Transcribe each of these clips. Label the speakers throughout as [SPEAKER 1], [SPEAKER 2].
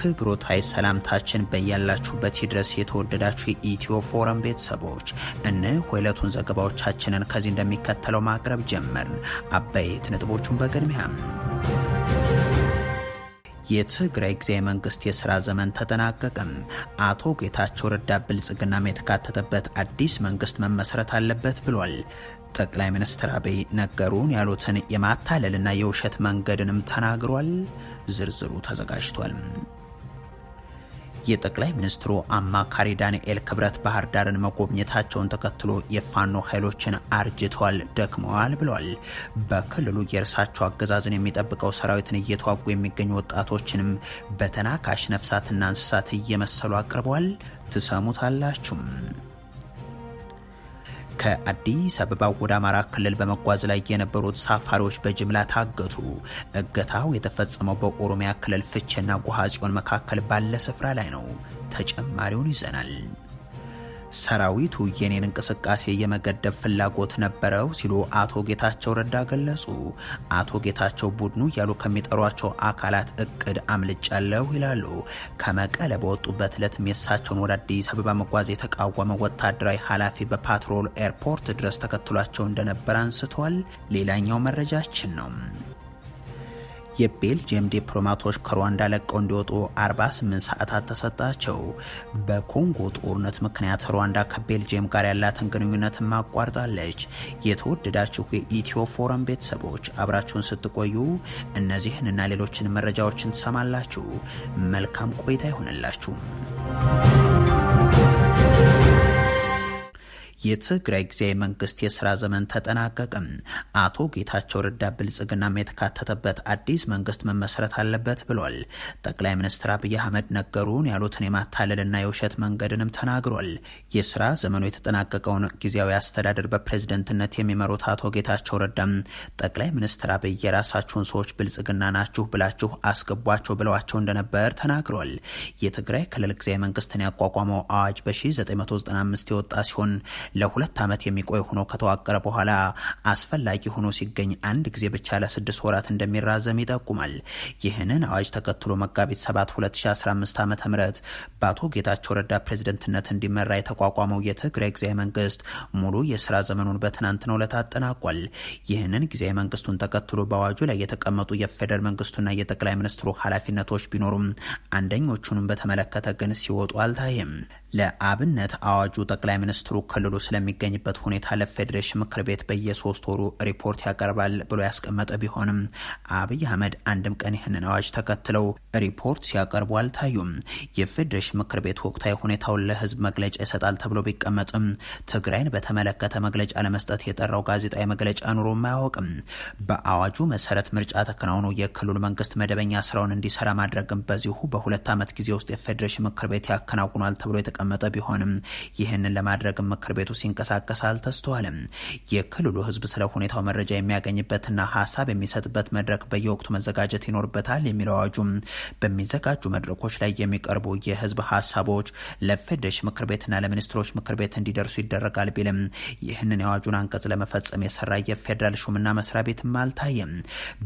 [SPEAKER 1] ክብሮታይ ሰላምታችን በያላችሁበት ይድረስ። የተወደዳችሁ የኢትዮ ፎረም ቤተሰቦች እነሆ የዕለቱን ዘገባዎቻችንን ከዚህ እንደሚከተለው ማቅረብ ጀመር አበይት ነጥቦቹን በቅድሚያም የትግራይ ጊዜያዊ መንግስት የስራ ዘመን ተጠናቀቀም። አቶ ጌታቸው ረዳ ብልጽግናም የተካተተበት አዲስ መንግስት መመስረት አለበት ብሏል። ጠቅላይ ሚኒስትር አብይ ነገሩን ያሉትን የማታለልና የውሸት መንገድንም ተናግሯል። ዝርዝሩ ተዘጋጅቷል። የጠቅላይ ሚኒስትሩ አማካሪ ዳንኤል ክብረት ባህር ዳርን መጎብኘታቸውን ተከትሎ የፋኖ ኃይሎችን አርጅተዋል፣ ደክመዋል ብለዋል። በክልሉ የእርሳቸው አገዛዝን የሚጠብቀው ሰራዊትን እየተዋጉ የሚገኙ ወጣቶችንም በተናካሽ ነፍሳትና እንስሳት እየመሰሉ አቅርበዋል። ትሰሙታላችሁም። ከአዲስ አበባ ወደ አማራ ክልል በመጓዝ ላይ የነበሩት ሳፋሪዎች በጅምላ ታገቱ። እገታው የተፈጸመው በኦሮሚያ ክልል ፍቼና ጉሃ ጽዮን መካከል ባለ ስፍራ ላይ ነው። ተጨማሪውን ይዘናል። ሰራዊቱ የኔን እንቅስቃሴ የመገደብ ፍላጎት ነበረው ሲሉ አቶ ጌታቸው ረዳ ገለጹ። አቶ ጌታቸው ቡድኑ ያሉ ከሚጠሯቸው አካላት እቅድ አምልጫለሁ ይላሉ። ከመቀለ በወጡበት ዕለትም የሳቸውን ወደ አዲስ አበባ መጓዝ የተቃወመ ወታደራዊ ኃላፊ በፓትሮል ኤርፖርት ድረስ ተከትሏቸው እንደነበር አንስተዋል። ሌላኛው መረጃችን ነው። የቤልጅየም ዲፕሎማቶች ከሩዋንዳ ለቀው እንዲወጡ 48 ሰዓታት ተሰጣቸው። በኮንጎ ጦርነት ምክንያት ሩዋንዳ ከቤልጅየም ጋር ያላትን ግንኙነት ማቋርጣለች። የተወደዳችሁ የኢትዮ ፎረም ቤተሰቦች አብራችሁን ስትቆዩ እነዚህን ሌሎችን መረጃዎችን ትሰማላችሁ። መልካም ቆይታ ይሆንላችሁ። የትግራይ ጊዜያዊ መንግስት የስራ ዘመን ተጠናቀቅም። አቶ ጌታቸው ረዳ ብልጽግናም የተካተተበት አዲስ መንግስት መመስረት አለበት ብሏል። ጠቅላይ ሚኒስትር አብይ አህመድ ነገሩን ያሉትን የማታለልና የውሸት መንገድንም ተናግሯል። የስራ ዘመኑ የተጠናቀቀውን ጊዜያዊ አስተዳደር በፕሬዝደንትነት የሚመሩት አቶ ጌታቸው ረዳም ጠቅላይ ሚኒስትር አብይ የራሳችሁን ሰዎች ብልጽግና ናችሁ ብላችሁ አስገቧቸው ብለዋቸው እንደነበር ተናግሯል። የትግራይ ክልል ጊዜያዊ መንግስትን ያቋቋመው አዋጅ በ1995 የወጣ ሲሆን ለሁለት ዓመት የሚቆይ ሆኖ ከተዋቀረ በኋላ አስፈላጊ ሆኖ ሲገኝ አንድ ጊዜ ብቻ ለስድስት ወራት እንደሚራዘም ይጠቁማል። ይህንን አዋጅ ተከትሎ መጋቢት 7 2015 ዓ ም በአቶ ጌታቸው ረዳ ፕሬዝደንትነት እንዲመራ የተቋቋመው የትግራይ ጊዜያዊ መንግስት ሙሉ የስራ ዘመኑን በትናንትናው ዕለት አጠናቋል። ይህንን ጊዜያዊ መንግስቱን ተከትሎ በአዋጁ ላይ የተቀመጡ የፌደራል መንግስቱና የጠቅላይ ሚኒስትሩ ኃላፊነቶች ቢኖሩም አንደኞቹንም በተመለከተ ግን ሲወጡ አልታይም። ለአብነት አዋጁ ጠቅላይ ሚኒስትሩ ክልሉ ስለሚገኝበት ሁኔታ ለፌዴሬሽን ምክር ቤት በየሶስት ወሩ ሪፖርት ያቀርባል ብሎ ያስቀመጠ ቢሆንም አብይ አህመድ አንድም ቀን ይህንን አዋጅ ተከትለው ሪፖርት ሲያቀርቡ አልታዩም። የፌዴሬሽን ምክር ቤት ወቅታዊ ሁኔታውን ለህዝብ መግለጫ ይሰጣል ተብሎ ቢቀመጥም ትግራይን በተመለከተ መግለጫ ለመስጠት የጠራው ጋዜጣዊ መግለጫ ኑሮም አያውቅም። በአዋጁ መሰረት ምርጫ ተከናውኖ የክልሉ መንግስት መደበኛ ስራውን እንዲሰራ ማድረግም በዚሁ በሁለት ዓመት ጊዜ ውስጥ የፌዴሬሽን ምክር ቤት ያከናውኗል ተብሎ የተቀመጠ ቢሆንም ይህንን ለማድረግም ምክር ቤቱ በየቤቱ ሲንቀሳቀስ አልተስተዋልም። የክልሉ ህዝብ ስለ ሁኔታው መረጃ የሚያገኝበትና ሀሳብ የሚሰጥበት መድረክ በየወቅቱ መዘጋጀት ይኖርበታል የሚለው አዋጁ በሚዘጋጁ መድረኮች ላይ የሚቀርቡ የህዝብ ሀሳቦች ለፌዴሬሽን ምክር ቤትና ለሚኒስትሮች ምክር ቤት እንዲደርሱ ይደረጋል ቢልም ይህንን የአዋጁን አንቀጽ ለመፈጸም የሰራ የፌዴራል ሹምና መስሪያ ቤትም አልታየም።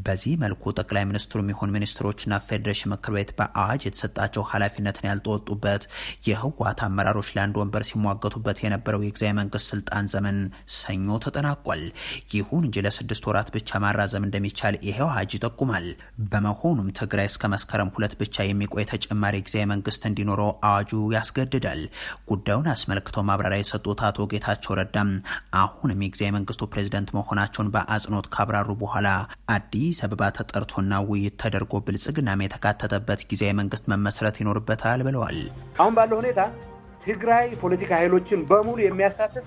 [SPEAKER 1] በዚህ መልኩ ጠቅላይ ሚኒስትሩ የሚሆን ሚኒስትሮችና ፌዴሬሽን ምክር ቤት በአዋጅ የተሰጣቸው ኃላፊነትን ያልተወጡበት የህወሓት አመራሮች ለአንድ ወንበር ሲሟገቱበት የነበረው የጊዜያዊ መንግስት ስልጣን ዘመን ሰኞ ተጠናቋል። ይሁን እንጂ ለስድስት ወራት ብቻ ማራዘም እንደሚቻል ይሄው ሀጅ ይጠቁማል። በመሆኑም ትግራይ እስከ መስከረም ሁለት ብቻ የሚቆይ ተጨማሪ ጊዜ መንግስት እንዲኖረው አዋጁ ያስገድዳል። ጉዳዩን አስመልክቶ ማብራሪያ የሰጡት አቶ ጌታቸው ረዳም አሁንም የጊዜ መንግስቱ ፕሬዝደንት መሆናቸውን በአጽንኦት ካብራሩ በኋላ አዲስ አበባ ተጠርቶና ውይይት ተደርጎ ብልጽግናም የተካተተበት ጊዜ መንግስት መመስረት ይኖርበታል ብለዋል።
[SPEAKER 2] አሁን ባለው ሁኔታ ትግራይ ፖለቲካ ኃይሎችን በሙሉ የሚያሳትፍ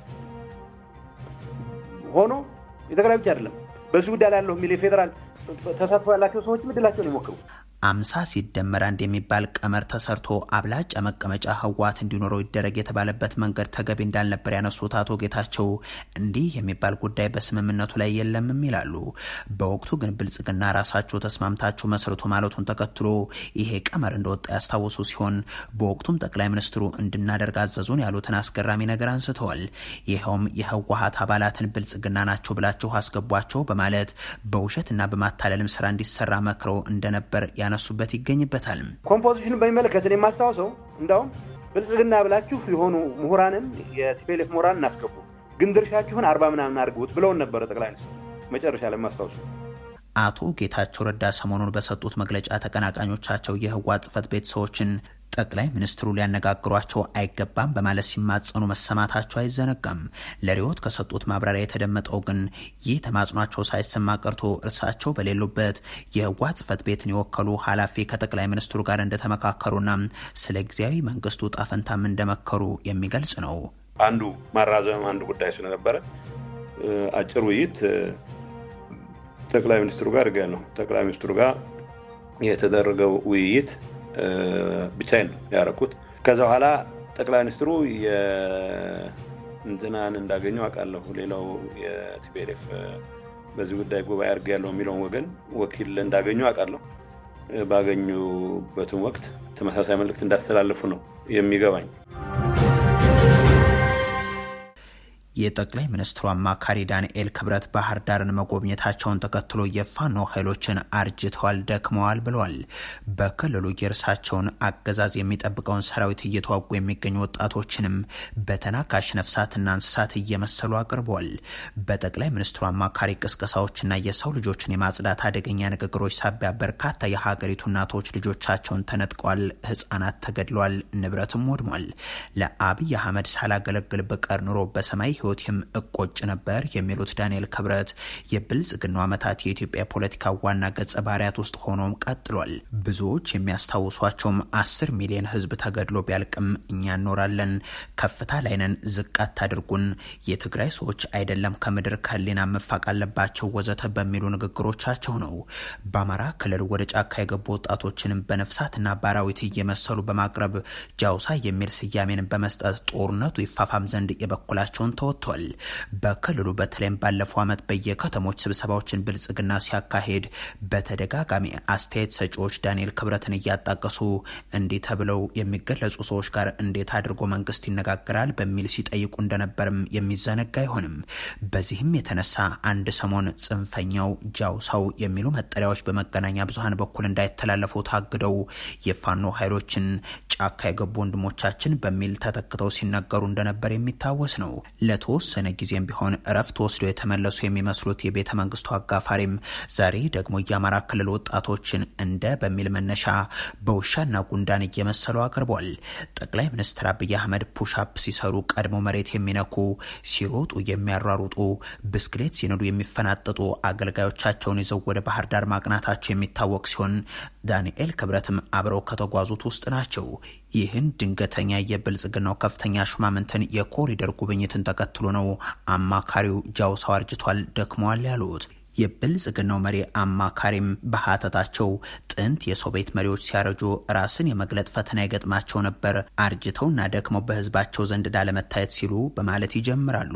[SPEAKER 2] ሆኖ የትግራይ ብቻ አይደለም በዚህ ጉዳይ ላይ ያለሁ የሚል የፌዴራል ተሳትፎ ያላቸው ሰዎችም እድላቸውን ይሞክሩ።
[SPEAKER 1] አምሳ ሲደመር አንድ የሚባል ቀመር ተሰርቶ አብላጫ መቀመጫ ህወሓት እንዲኖረው ይደረግ የተባለበት መንገድ ተገቢ እንዳልነበር ያነሱት አቶ ጌታቸው እንዲህ የሚባል ጉዳይ በስምምነቱ ላይ የለምም ይላሉ። በወቅቱ ግን ብልጽግና ራሳቸው ተስማምታችሁ መስርቶ ማለቱን ተከትሎ ይሄ ቀመር እንደወጣ ያስታወሱ ሲሆን በወቅቱም ጠቅላይ ሚኒስትሩ እንድናደርግ አዘዙን ያሉትን አስገራሚ ነገር አንስተዋል። ይኸውም የህወሓት አባላትን ብልጽግና ናቸው ብላችሁ አስገቧቸው በማለት በውሸትና በማታለልም ስራ እንዲሰራ መክረው እንደነበር ያነ እያነሱበት ይገኝበታል።
[SPEAKER 2] ኮምፖዚሽኑ በሚመለከት የማስታውሰው እንዳውም ብልጽግና ብላችሁ የሆኑ ምሁራንን የቲፔሌፍ ምሁራን እናስገቡ ግን ድርሻችሁን አርባ ምናምን አድርጉት ብለውን ነበረ ጠቅላይ ሚኒስትር መጨረሻ ላይ ማስታወሱ
[SPEAKER 1] አቶ ጌታቸው ረዳ ሰሞኑን በሰጡት መግለጫ ተቀናቃኞቻቸው የህወሓት ጽህፈት ቤት ሰዎችን ጠቅላይ ሚኒስትሩ ሊያነጋግሯቸው አይገባም በማለት ሲማጸኑ መሰማታቸው አይዘነጋም። ለሪዮት ከሰጡት ማብራሪያ የተደመጠው ግን ይህ ተማጽኗቸው ሳይሰማ ቀርቶ እርሳቸው በሌሉበት የህወሓት ጽሕፈት ቤትን የወከሉ ኃላፊ ከጠቅላይ ሚኒስትሩ ጋር እንደተመካከሩና ስለ ጊዜያዊ መንግስቱ ጣፈንታም እንደመከሩ የሚገልጽ ነው።
[SPEAKER 3] አንዱ ማራዘም አንዱ ጉዳይ ስለነበረ አጭር ውይይት ጠቅላይ ሚኒስትሩ ጋር ነው ጠቅላይ ሚኒስትሩ ጋር የተደረገው ውይይት ብቻዬን ነው ያደረኩት። ከዛ በኋላ ጠቅላይ ሚኒስትሩ እንትናን እንዳገኙ አውቃለሁ። ሌላው የቲቤሬፍ በዚህ ጉዳይ ጉባኤ አድርግ ያለው የሚለውን ወገን ወኪል እንዳገኙ አውቃለሁ። ባገኙበትም ወቅት ተመሳሳይ መልእክት እንዳስተላለፉ ነው የሚገባኝ።
[SPEAKER 1] የጠቅላይ ሚኒስትሩ አማካሪ ዳንኤል ክብረት ባህር ዳርን መጎብኘታቸውን ተከትሎ የፋኖ ኃይሎችን አርጅተዋል፣ ደክመዋል ብለዋል። በክልሉ የእርሳቸውን አገዛዝ የሚጠብቀውን ሰራዊት እየተዋጉ የሚገኙ ወጣቶችንም በተናካሽ ነፍሳትና እንስሳት እየመሰሉ አቅርበዋል። በጠቅላይ ሚኒስትሩ አማካሪ ቅስቀሳዎችና የሰው ልጆችን የማጽዳት አደገኛ ንግግሮች ሳቢያ በርካታ የሀገሪቱ እናቶች ልጆቻቸውን ተነጥቀዋል፣ ህጻናት ተገድለዋል፣ ንብረትም ወድሟል። ለአብይ አህመድ ሳላገለግል ብቀር ኑሮ በሰማይ በህይወቴም እቆጭ ነበር የሚሉት ዳንኤል ክብረት የብልጽግና ዓመታት የኢትዮጵያ ፖለቲካ ዋና ገጸ ባህሪያት ውስጥ ሆኖም ቀጥሏል። ብዙዎች የሚያስታውሷቸውም አስር ሚሊዮን ህዝብ ተገድሎ ቢያልቅም እኛ እኖራለን፣ ከፍታ ላይነን፣ ዝቅ አታድርጉን፣ የትግራይ ሰዎች አይደለም ከምድር ከሊና መፋቅ አለባቸው ወዘተ በሚሉ ንግግሮቻቸው ነው። በአማራ ክልል ወደ ጫካ የገቡ ወጣቶችንም በነፍሳትና በአራዊት እየመሰሉ በማቅረብ ጃውሳ የሚል ስያሜን በመስጠት ጦርነቱ ይፋፋም ዘንድ የበኩላቸውን ተወ ወጥቷል። በክልሉ በተለይም ባለፈው ዓመት በየከተሞች ስብሰባዎችን ብልጽግና ሲያካሄድ በተደጋጋሚ አስተያየት ሰጪዎች ዳንኤል ክብረትን እያጣቀሱ እንዲህ ተብለው የሚገለጹ ሰዎች ጋር እንዴት አድርጎ መንግስት ይነጋገራል በሚል ሲጠይቁ እንደነበርም የሚዘነጋ አይሆንም። በዚህም የተነሳ አንድ ሰሞን ጽንፈኛው ጃውሳው የሚሉ መጠሪያዎች በመገናኛ ብዙሃን በኩል እንዳይተላለፉ ታግደው የፋኖ ኃይሎችን ጫካ የገቡ ወንድሞቻችን በሚል ተተክተው ሲነገሩ እንደነበር የሚታወስ ነው። ለተወሰነ ጊዜም ቢሆን እረፍት ወስደው የተመለሱ የሚመስሉት የቤተ መንግስቱ አጋፋሪም ዛሬ ደግሞ የአማራ ክልል ወጣቶችን እንደ በሚል መነሻ በውሻና ጉንዳን እየመሰሉ አቅርቧል። ጠቅላይ ሚኒስትር አብይ አህመድ ፑሻፕ ሲሰሩ ቀድሞ መሬት የሚነኩ ሲሮጡ የሚያራሩጡ ብስክሌት ሲነዱ የሚፈናጠጡ አገልጋዮቻቸውን ይዘው ወደ ባህር ዳር ማቅናታቸው የሚታወቅ ሲሆን ዳንኤል ክብረትም አብረው ከተጓዙት ውስጥ ናቸው። ይህን ድንገተኛ የብልጽግናው ከፍተኛ ሹማምንትን የኮሪደር ጉብኝትን ተከትሎ ነው አማካሪው ጃውሳው አርጅቷል፣ ደክመዋል ያሉት የብልጽግናው መሪ አማካሪም በሀተታቸው ጥንት የሶቪየት መሪዎች ሲያረጁ ራስን የመግለጥ ፈተና ይገጥማቸው ነበር፣ አርጅተውና ደክመው በህዝባቸው ዘንድ ላለመታየት ሲሉ በማለት ይጀምራሉ።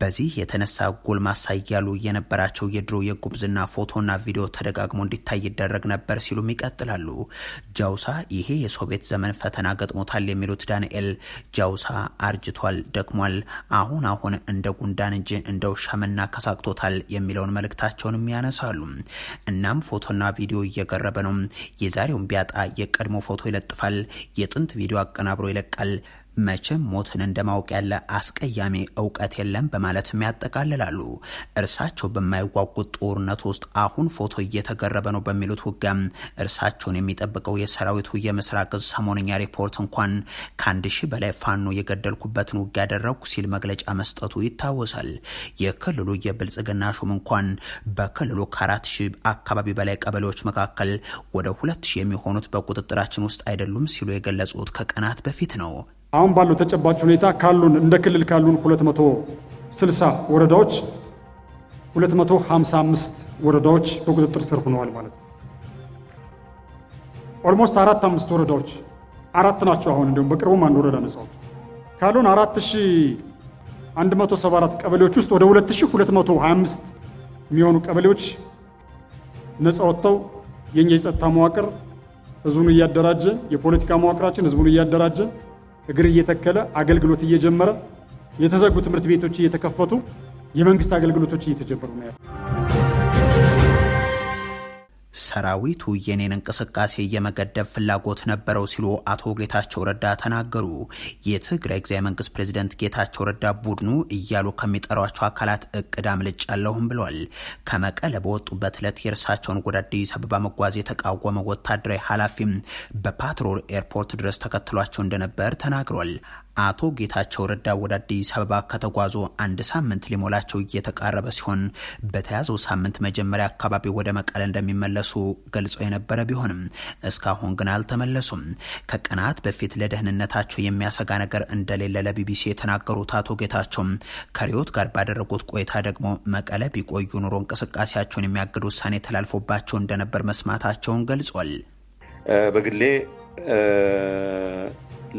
[SPEAKER 1] በዚህ የተነሳ ጎልማሳ እያሉ የነበራቸው የድሮ የጉብዝና ፎቶና ቪዲዮ ተደጋግሞ እንዲታይ ይደረግ ነበር ሲሉም ይቀጥላሉ። ጃውሳ ይሄ የሶቪየት ዘመን ፈተና ገጥሞታል የሚሉት ዳንኤል ጃውሳ አርጅቷል፣ ደክሟል፣ አሁን አሁን እንደ ጉንዳን እንጂ እንደ ውሻ መናከሳቅቶታል የሚለውን መልእክት መምጣታቸውንም ያነሳሉ። እናም ፎቶና ቪዲዮ እየገረበ ነው። የዛሬውን ቢያጣ የቀድሞ ፎቶ ይለጥፋል፣ የጥንት ቪዲዮ አቀናብሮ ይለቃል። መቼም ሞትን እንደማወቅ ያለ አስቀያሚ እውቀት የለም በማለትም ያጠቃልላሉ። እርሳቸው በማይዋጉት ጦርነት ውስጥ አሁን ፎቶ እየተገረበ ነው በሚሉት ውጊያም እርሳቸውን የሚጠብቀው የሰራዊቱ የምስራቅ እዝ ሰሞነኛ ሪፖርት እንኳን ከአንድ ሺህ በላይ ፋኖ የገደልኩበትን ውጊያ ያደረግኩ ሲል መግለጫ መስጠቱ ይታወሳል። የክልሉ የብልጽግና ሹም እንኳን በክልሉ ከአራት ሺህ አካባቢ በላይ ቀበሌዎች መካከል ወደ ሁለት ሺህ የሚሆኑት በቁጥጥራችን ውስጥ አይደሉም ሲሉ የገለጹት ከቀናት በፊት ነው።
[SPEAKER 2] አሁን ባለው ተጨባጭ ሁኔታ ካሉን እንደ ክልል ካሉን 260 ወረዳዎች 255 ወረዳዎች በቁጥጥር ስር ሆነዋል ማለት ነው። ኦልሞስት አራት አምስት ወረዳዎች አራት ናቸው። አሁን እንዲሁም በቅርቡም አንድ ወረዳ ነጻው ካሉን 4174 ቀበሌዎች ውስጥ ወደ 2225 የሚሆኑ ቀበሌዎች ነጻ ወጥተው የኛ የጸጥታ መዋቅር ህዝቡን እያደራጀ የፖለቲካ መዋቅራችን ህዝቡን እያደራጀ እግር እየተከለ አገልግሎት እየጀመረ የተዘጉ ትምህርት ቤቶች እየተከፈቱ የመንግስት አገልግሎቶች እየተጀመሩ ነው ያለው።
[SPEAKER 1] ሰራዊቱ የኔን እንቅስቃሴ የመገደብ ፍላጎት ነበረው ሲሉ አቶ ጌታቸው ረዳ ተናገሩ። የትግራይ ጊዜያዊ መንግስት ፕሬዚደንት ጌታቸው ረዳ ቡድኑ እያሉ ከሚጠሯቸው አካላት እቅድ አምልጫለሁም ብሏል። ከመቀለ በወጡበት ዕለት የእርሳቸውን ወደ አዲስ አበባ መጓዝ የተቃወመ ወታደራዊ ኃላፊም በፓትሮል ኤርፖርት ድረስ ተከትሏቸው እንደነበር ተናግሯል። አቶ ጌታቸው ረዳ ወደ አዲስ አበባ ከተጓዙ አንድ ሳምንት ሊሞላቸው እየተቃረበ ሲሆን በተያዘው ሳምንት መጀመሪያ አካባቢ ወደ መቀለ እንደሚመለሱ ገልጾ የነበረ ቢሆንም እስካሁን ግን አልተመለሱም። ከቀናት በፊት ለደህንነታቸው የሚያሰጋ ነገር እንደሌለ ለቢቢሲ የተናገሩት አቶ ጌታቸው ከሪዮት ጋር ባደረጉት ቆይታ ደግሞ መቀለ ቢቆዩ ኑሮ እንቅስቃሴያቸውን የሚያግድ ውሳኔ ተላልፎባቸው እንደነበር መስማታቸውን ገልጿል።
[SPEAKER 3] በግሌ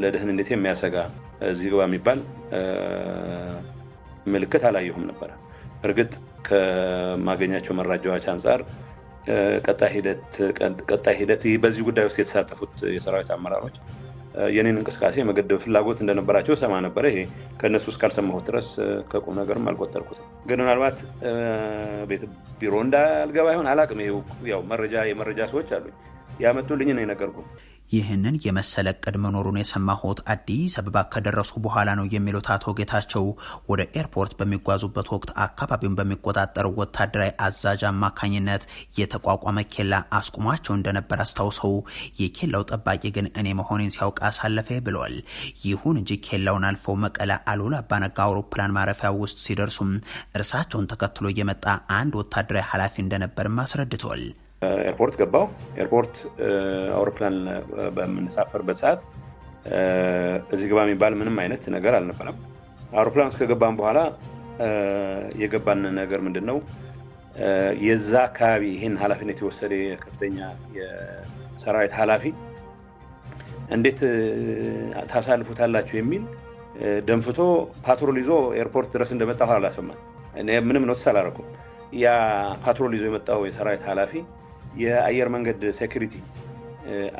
[SPEAKER 3] ለደህንነት የሚያሰጋ እዚህ ግባ የሚባል ምልክት አላየሁም ነበረ። እርግጥ ከማገኛቸው መረጃዎች አንጻር ቀጣይ ሂደት ይህ በዚህ ጉዳይ ውስጥ የተሳተፉት የሰራዊት አመራሮች የኔን እንቅስቃሴ መገደብ ፍላጎት እንደነበራቸው ሰማ ነበረ። ይሄ ከእነሱ እስካልሰማሁት ድረስ ከቁም ነገርም አልቆጠርኩትም። ግን ምናልባት ቤት ቢሮ እንዳልገባ ይሆን አላቅም። ያው መረጃ የመረጃ ሰዎች አሉኝ ያመጡልኝ ነው የነገርኩህ
[SPEAKER 1] ይህንን የመሰለ እቅድ መኖሩን የሰማሁት አዲስ አበባ ከደረሱ በኋላ ነው የሚሉት አቶ ጌታቸው ወደ ኤርፖርት በሚጓዙበት ወቅት አካባቢውን በሚቆጣጠሩ ወታደራዊ አዛዥ አማካኝነት የተቋቋመ ኬላ አስቁሟቸው እንደነበር አስታውሰው የኬላው ጠባቂ ግን እኔ መሆኔን ሲያውቅ አሳለፈ ብለዋል። ይሁን እንጂ ኬላውን አልፈው መቀለ አሉላ አባነጋ አውሮፕላን ማረፊያ ውስጥ ሲደርሱም እርሳቸውን ተከትሎ የመጣ አንድ ወታደራዊ ኃላፊ እንደነበርም አስረድተዋል።
[SPEAKER 3] ኤርፖርት ገባው። ኤርፖርት አውሮፕላን በምንሳፈርበት ሰዓት እዚህ ግባ የሚባል ምንም አይነት ነገር አልነበረም። አውሮፕላን እስከገባን በኋላ የገባን ነገር ምንድን ነው? የዛ አካባቢ ይህን ኃላፊነት የወሰደ የከፍተኛ የሰራዊት ኃላፊ እንዴት ታሳልፉታላችሁ የሚል ደንፍቶ ፓትሮል ይዞ ኤርፖርት ድረስ እንደመጣ አላሰማን። ምንም ኖትስ አላረኩም። ያ ፓትሮል ይዞ የመጣው የሰራዊት ኃላፊ የአየር መንገድ ሴኩሪቲ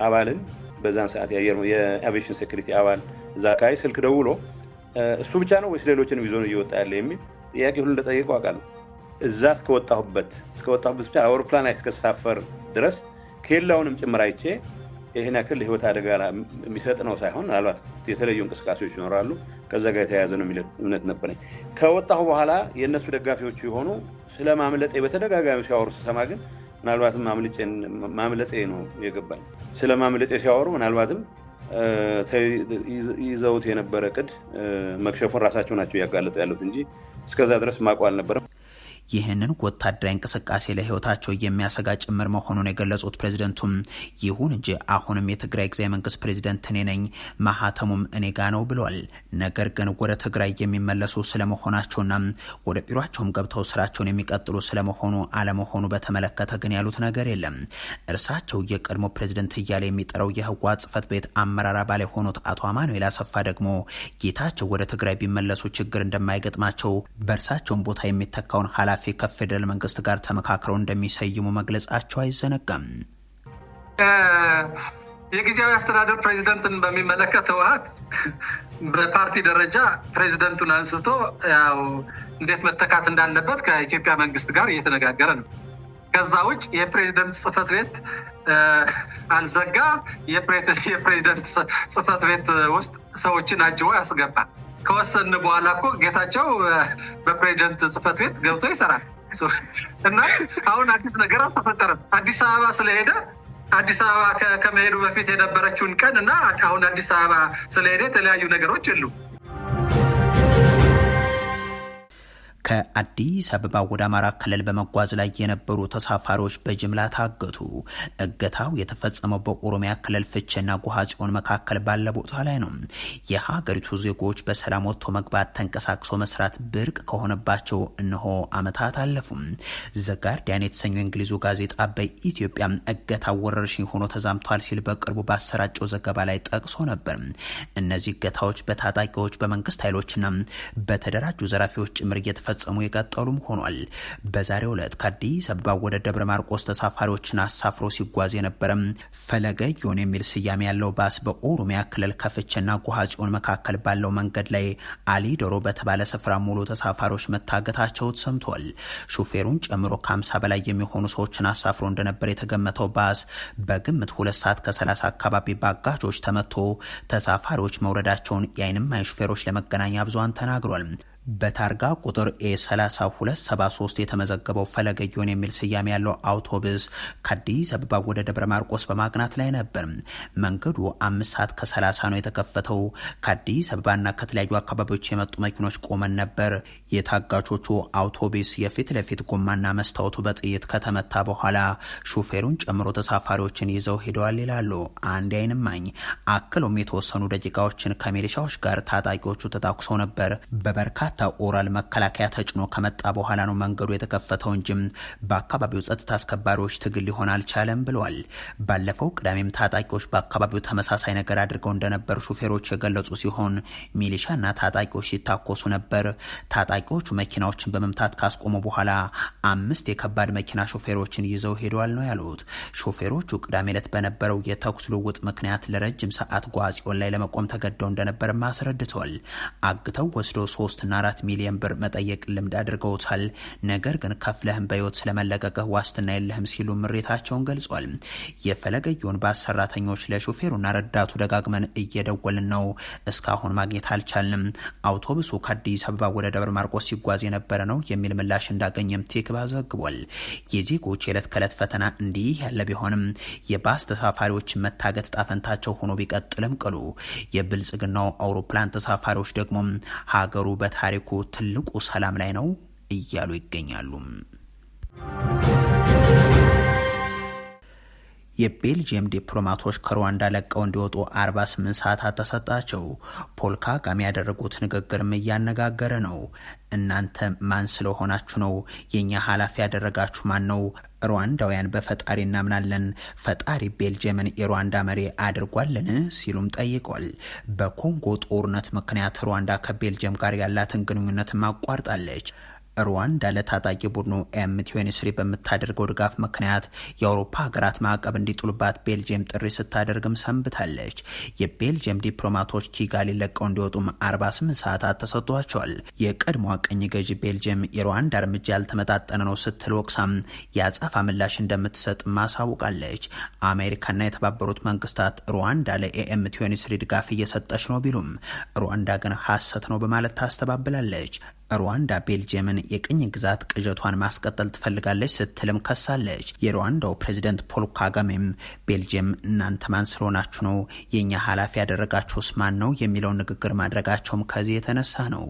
[SPEAKER 3] አባልን በዛን ሰዓት የአቪዬሽን ሴኩሪቲ አባል እዛ አካባቢ ስልክ ደውሎ እሱ ብቻ ነው ወይስ ሌሎችንም ይዞ እየወጣ ያለ የሚል ጥያቄ ሁሉ እንደጠየቀው አውቃለሁ። እዛ እስከወጣሁበት እስከወጣሁበት ብቻ አውሮፕላን እስከሳፈር ድረስ ኬላውንም ጭምር አይቼ ይህን ያክል ህይወት አደጋ የሚሰጥ ነው ሳይሆን ምናልባት የተለዩ እንቅስቃሴዎች ይኖራሉ ከዛ ጋር የተያያዘ ነው የሚል እምነት ነበረኝ። ከወጣሁ በኋላ የእነሱ ደጋፊዎች የሆኑ ስለ ማምለጤ በተደጋጋሚ ሲያወሩ ስሰማ ግን ምናልባትም ማምለጤ ነው የገባኝ። ስለ ማምለጤ ሲያወሩ ምናልባትም ይዘውት የነበረ ቅድ መክሸፉን ራሳቸው ናቸው እያጋለጡ ያሉት እንጂ እስከዛ ድረስ ማቋል አልነበረም።
[SPEAKER 1] ይህንን ወታደራዊ እንቅስቃሴ ለህይወታቸው የሚያሰጋ ጭምር መሆኑን የገለጹት ፕሬዝደንቱም ይሁን እንጂ አሁንም የትግራይ ጊዜያዊ መንግስት ፕሬዝደንት እኔ ነኝ፣ ማህተሙም እኔ ጋ ነው ብለዋል። ነገር ግን ወደ ትግራይ የሚመለሱ ስለመሆናቸውና ወደ ቢሯቸውም ገብተው ስራቸውን የሚቀጥሉ ስለመሆኑ አለመሆኑ በተመለከተ ግን ያሉት ነገር የለም። እርሳቸው የቀድሞ ፕሬዝደንት እያለ የሚጠራው የህወሓት ጽህፈት ቤት አመራር አባል የሆኑት አቶ አማኑኤል አሰፋ ደግሞ ጌታቸው ወደ ትግራይ ቢመለሱ ችግር እንደማይገጥማቸው በእርሳቸውን ቦታ የሚተካውን ኃላፊ ኃላፊ ከፌዴራል መንግስት ጋር ተመካክረው እንደሚሰይሙ መግለጻቸው አይዘነጋም።
[SPEAKER 4] የጊዜያዊ አስተዳደር ፕሬዚደንትን በሚመለከት ህወሓት በፓርቲ ደረጃ ፕሬዚደንቱን አንስቶ ያው እንዴት መተካት እንዳለበት ከኢትዮጵያ መንግስት ጋር እየተነጋገረ ነው። ከዛ ውጭ የፕሬዚደንት ጽህፈት ቤት አልዘጋ። የፕሬዚደንት ጽህፈት ቤት ውስጥ ሰዎችን አጅቦ ያስገባል። ከወሰን በኋላ እኮ ጌታቸው በፕሬዚደንት ጽህፈት ቤት ገብቶ ይሰራል እና አሁን አዲስ ነገር አልተፈጠረም። አዲስ አበባ ስለሄደ አዲስ አበባ ከመሄዱ በፊት የነበረችውን ቀን እና አሁን አዲስ አበባ ስለሄደ የተለያዩ ነገሮች የሉም።
[SPEAKER 1] ከአዲስ አበባ ወደ አማራ ክልል በመጓዝ ላይ የነበሩ ተሳፋሪዎች በጅምላ ታገቱ። እገታው የተፈጸመው በኦሮሚያ ክልል ፍቼና ጉሃጽዮን መካከል ባለ ቦታ ላይ ነው። የሀገሪቱ ዜጎች በሰላም ወጥቶ መግባት፣ ተንቀሳቅሶ መስራት ብርቅ ከሆነባቸው እነሆ አመታት አለፉ ዘጋርዲያን የተሰኘው እንግሊዙ ጋዜጣ በኢትዮጵያ እገታ ወረርሽኝ ሆኖ ተዛምቷል ሲል በቅርቡ ባሰራጨው ዘገባ ላይ ጠቅሶ ነበር። እነዚህ እገታዎች በታጣቂዎች በመንግስት ኃይሎችና በተደራጁ ዘራፊዎች ጭምር እየተፈ ሲፈጸሙ የቀጠሉም ሆኗል። በዛሬው ዕለት ከአዲስ አበባ ወደ ደብረ ማርቆስ ተሳፋሪዎችን አሳፍሮ ሲጓዝ የነበረም ፈለገ ዮን የሚል ስያሜ ያለው ባስ በኦሮሚያ ክልል ከፍቼና ጎሃጽዮን መካከል ባለው መንገድ ላይ አሊ ዶሮ በተባለ ስፍራ ሙሉ ተሳፋሪዎች መታገታቸው ተሰምቷል። ሹፌሩን ጨምሮ ከአምሳ በላይ የሚሆኑ ሰዎችን አሳፍሮ እንደነበር የተገመተው ባስ በግምት ሁለት ሰዓት ከ30 አካባቢ በአጋቾች ተመቶ ተሳፋሪዎች መውረዳቸውን የአይንማኝ ሹፌሮች ለመገናኛ ብዙሃን ተናግሯል። በታርጋ ቁጥር ኤ3273 የተመዘገበው ፈለገዮን የሚል ስያሜ ያለው አውቶብስ ከአዲስ አበባ ወደ ደብረ ማርቆስ በማቅናት ላይ ነበር። መንገዱ አምስት ሰዓት ከ30 ነው የተከፈተው። ከአዲስ አበባና ከተለያዩ አካባቢዎች የመጡ መኪኖች ቆመን ነበር። የታጋቾቹ አውቶብስ የፊት ለፊት ጎማና መስታወቱ በጥይት ከተመታ በኋላ ሹፌሩን ጨምሮ ተሳፋሪዎችን ይዘው ሄደዋል ይላሉ አንድ አይን እማኝ። አክሎም የተወሰኑ ደቂቃዎችን ከሚሊሻዎች ጋር ታጣቂዎቹ ተታኩሰው ነበር በበርካታ በርካታ ኦራል መከላከያ ተጭኖ ከመጣ በኋላ ነው መንገዱ የተከፈተው እንጂ በአካባቢው ጸጥታ አስከባሪዎች ትግል ሊሆን አልቻለም ብለዋል። ባለፈው ቅዳሜም ታጣቂዎች በአካባቢው ተመሳሳይ ነገር አድርገው እንደነበር ሹፌሮች የገለጹ ሲሆን ሚሊሻና ታጣቂዎች ሲታኮሱ ነበር። ታጣቂዎቹ መኪናዎችን በመምታት ካስቆሙ በኋላ አምስት የከባድ መኪና ሹፌሮችን ይዘው ሄደዋል ነው ያሉት። ሹፌሮቹ ቅዳሜ ዕለት በነበረው የተኩስ ልውውጥ ምክንያት ለረጅም ሰዓት ጓጽዮን ላይ ለመቆም ተገደው እንደነበር አስረድተዋል። አግተው ወስደው ሶስትና አራት ሚሊዮን ብር መጠየቅ ልምድ አድርገውታል። ነገር ግን ከፍለህም በህይወት ስለመለቀቅህ ዋስትና የለህም ሲሉ ምሬታቸውን ገልጿል። የፈለገየውን ባስ ሰራተኞች ለሹፌሩና ረዳቱ ደጋግመን እየደወልን ነው፣ እስካሁን ማግኘት አልቻልንም። አውቶቡሱ ከአዲስ አበባ ወደ ደብረ ማርቆስ ሲጓዝ የነበረ ነው የሚል ምላሽ እንዳገኘም ቴክባ ዘግቧል። የዜጎች የዕለት ከዕለት ፈተና እንዲህ ያለ ቢሆንም የባስ ተሳፋሪዎች መታገት ጣፈንታቸው ሆኖ ቢቀጥልም ቅሉ የብልጽግናው አውሮፕላን ተሳፋሪዎች ደግሞ ሀገሩ በታ ታሪኩ ትልቁ ሰላም ላይ ነው እያሉ ይገኛሉ። የቤልጅየም ዲፕሎማቶች ከሩዋንዳ ለቀው እንዲወጡ 48 ሰዓታት ተሰጣቸው። ፖል ካጋሜ ያደረጉት ንግግርም እያነጋገረ ነው። እናንተ ማን ስለሆናችሁ ነው? የእኛ ኃላፊ ያደረጋችሁ ማን ነው? ሩዋንዳውያን በፈጣሪ እናምናለን፣ ፈጣሪ ቤልጅየምን የሩዋንዳ መሪ አድርጓልን ሲሉም ጠይቋል። በኮንጎ ጦርነት ምክንያት ሩዋንዳ ከቤልጅየም ጋር ያላትን ግንኙነት ማቋርጣለች። ሩዋንዳ ለታጣቂ ቡድኑ ኤም በምታደርገው ድጋፍ ምክንያት የአውሮፓ ሀገራት ማዕቀብ እንዲጥሉባት ቤልጅየም ጥሪ ስታደርግም ሰንብታለች። የቤልጅየም ዲፕሎማቶች ኪጋሊ ለቀው እንዲወጡም 48 ሰዓታት ተሰጥቷቸዋል። የቀድሞ ቅኝ ገዢ ቤልጅየም የሩዋንዳ እርምጃ ያልተመጣጠነ ነው ስትል ወቅሳም የአጸፋ ምላሽ እንደምትሰጥ ማሳውቃለች። አሜሪካና የተባበሩት መንግስታት ሩዋንዳ ለኤም ድጋፍ እየሰጠች ነው ቢሉም ሩዋንዳ ግን ሀሰት ነው በማለት ታስተባብላለች። ሩዋንዳ ቤልጅየምን የቅኝ ግዛት ቅዠቷን ማስቀጠል ትፈልጋለች ስትልም ከሳለች። የሩዋንዳው ፕሬዚደንት ፖል ካጋሜም ቤልጅየም እናንተ ማን ስለሆናችሁ ነው የእኛ ኃላፊ ያደረጋችሁስ ማን ነው የሚለው ንግግር ማድረጋቸውም ከዚህ የተነሳ ነው።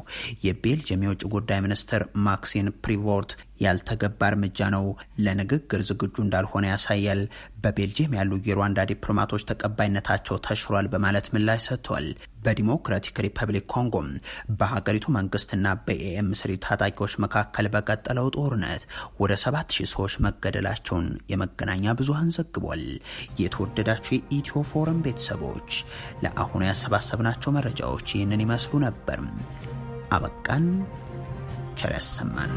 [SPEAKER 1] የቤልጅየም የውጭ ጉዳይ ሚኒስትር ማክሲን ፕሪቮርት ያልተገባ እርምጃ ነው፣ ለንግግር ዝግጁ እንዳልሆነ ያሳያል። በቤልጅየም ያሉ የሩዋንዳ ዲፕሎማቶች ተቀባይነታቸው ተሽሯል በማለት ምላሽ ሰጥቷል። በዲሞክራቲክ ሪፐብሊክ ኮንጎ በሀገሪቱ መንግስትና በኤኤም ስሪ ታጣቂዎች መካከል በቀጠለው ጦርነት ወደ ሰባት ሺህ ሰዎች መገደላቸውን የመገናኛ ብዙሃን ዘግቧል። የተወደዳቸው የኢትዮ ፎረም ቤተሰቦች ለአሁኑ ያሰባሰብናቸው መረጃዎች ይህንን ይመስሉ ነበር። አበቃን። ቸር ያሰማን።